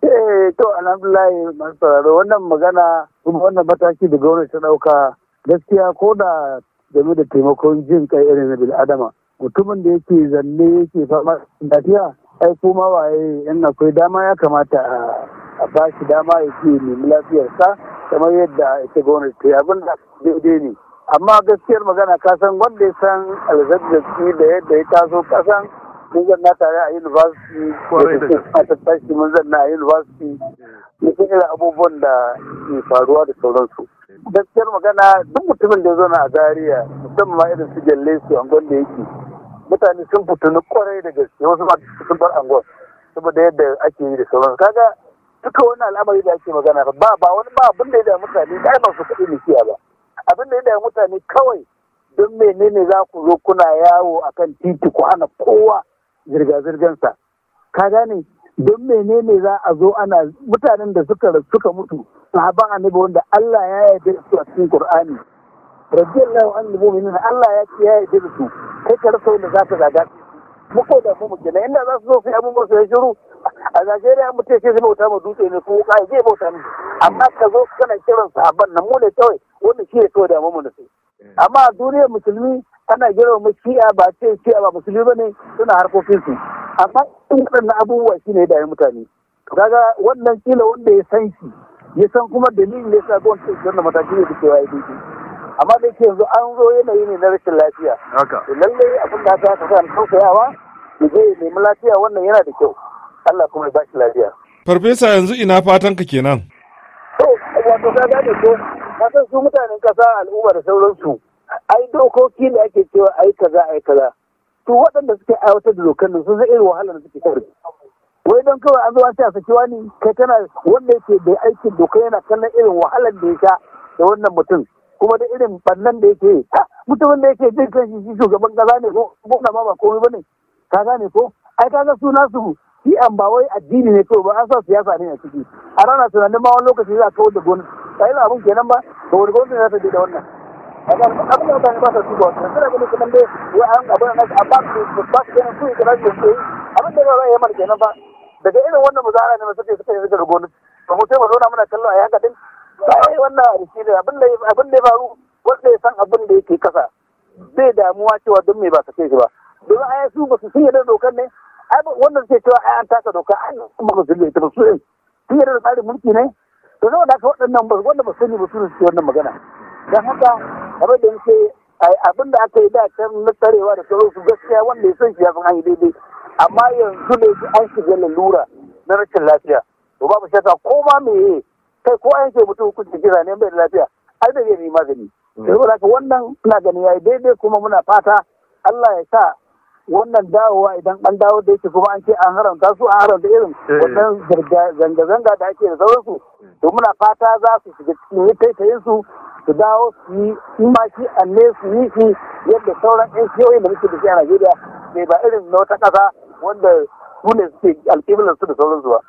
Eh to alhamdulillah masu sauraro wannan magana kuma wannan mataki da gwamnati ta ɗauka gaskiya ko da game da taimakon jin kai irin na bil'adama mutumin da yake zanne yake fama lafiya ai kuma waye in akwai dama ya kamata a ba shi dama ya ce nemi lafiyarsa kamar yadda ita gwamnati ta yi abin da daidai ne amma gaskiyar magana ka san wanda ya san alzabzaki da yadda ya taso kasan mun zanna tare a university a tattashi mun zanna a university mutum irin abubuwan da ke faruwa da sauransu gaskiyar magana duk mutumin da ya zauna a zaria musamman ma irin su gyalle su angon da yake mutane sun fitini kwarai da gaske wasu ma sun bar angon saboda yadda ake yi da sauransu kaga duka wani al'amari da ake magana ba ba wani ba abin da ya da mutane ba ba su kuɗi likiya ba abin da ya da mutane kawai don menene za ku zo kuna yawo akan titi ku hana kowa zirga-zirgansa ka gane don menene za a zo ana mutanen da suka suka mutu sahaban annabi wanda Allah ya yarda su a cikin Qur'ani radiyallahu anhu mu'minin Allah ya ce ya yarda su kai ka rasa wanda za ka zaga mu ko da mu kenan inda za su zo sai abun su ya shiru a Najeriya mu ce sai su bauta mu dutse ne ko kai zai bauta mu amma ka zo kana kiran sahaban nan mu ne kawai wanda shi ya so da mu da su amma a duniyar musulmi ana girma shi'a ba ce shi'a ba musulmi ba ne suna harkokinsu amma in waɗannan abubuwa shi ne dawo mutane kaga wannan kila wanda ya san shi ya san kuma dalilin ya sa ga ta wannan mataki ne da cewa ya daidai amma da ke yanzu an zo yanayi ne na rashin lafiya lallai abin da aka sa na yawa ya je ya nemi lafiya wannan yana da kyau Allah kuma ya bashi lafiya. Farfesa yanzu ina fatan ka kenan. To wato ka gane ko ka san su mutanen kasa al'umma da sauransu ai dokoki ne ake cewa ai kaza ai kaza to waɗanda suke aiwatar da dokar nan sun san irin wahalar da suke kare wai don kawai an zo an sa saki wani kai kana wanda yake da aikin doka yana kallon irin wahalar da ya sha da wannan mutum kuma da irin bannan da yake mutumin da yake jin kan shi shugaban kaza ne ko kuma ma ba komai bane ka gane ko ai kaga su nasu shi an ba wai addini ne kawai ba an sa siyasa ne a ciki a rana tunanin ma wani lokaci za a kawar da gwamnati yi abun kenan ba to wani gwamnati za ta da wannan abin da mutane ba a su ba su ganin su da su yi abin da ba ya a kenan ba daga irin wannan muzara ne suke suka yi suka rugo ba mu sai mu zauna muna kallo a yi haka din ba yi wannan a rishi ne abin da ya faru wanda ya san abin da yake kasa bai damuwa cewa don mai ba su shi ba domin ai su ba su sun yarda dokar ne ai wannan sai cewa ai an taka doka ai ba su sun yarda su sun yarda da tsarin mulki ne to zama da haka waɗannan wanda ba sani ba su ne suke wannan magana don haka kamar da yake abin da aka yi da can na tsarewa da su gaskiya wanda ya san shi ya san hanyar daidai amma yanzu ne an shiga lalura na rashin lafiya to babu shakka ko ma ye kai ko an mutu mutum hukunci kira ne bai da lafiya ai da zai magani mm. saboda haka wannan ina gani yayi daidai kuma muna fata Allah ya sa wannan dawowa idan an dawo da yake kuma an ce an haramta su an haramta irin eh. wannan zanga-zanga da ake da sauransu mm. to muna fata za su shiga cikin su su dawo su yi imashi anne su yi yadda sauran yan shiyoyin da muke da shi a Najeriya ne ba irin na wata ƙasa wanda su ne suke su da sauran zuwa.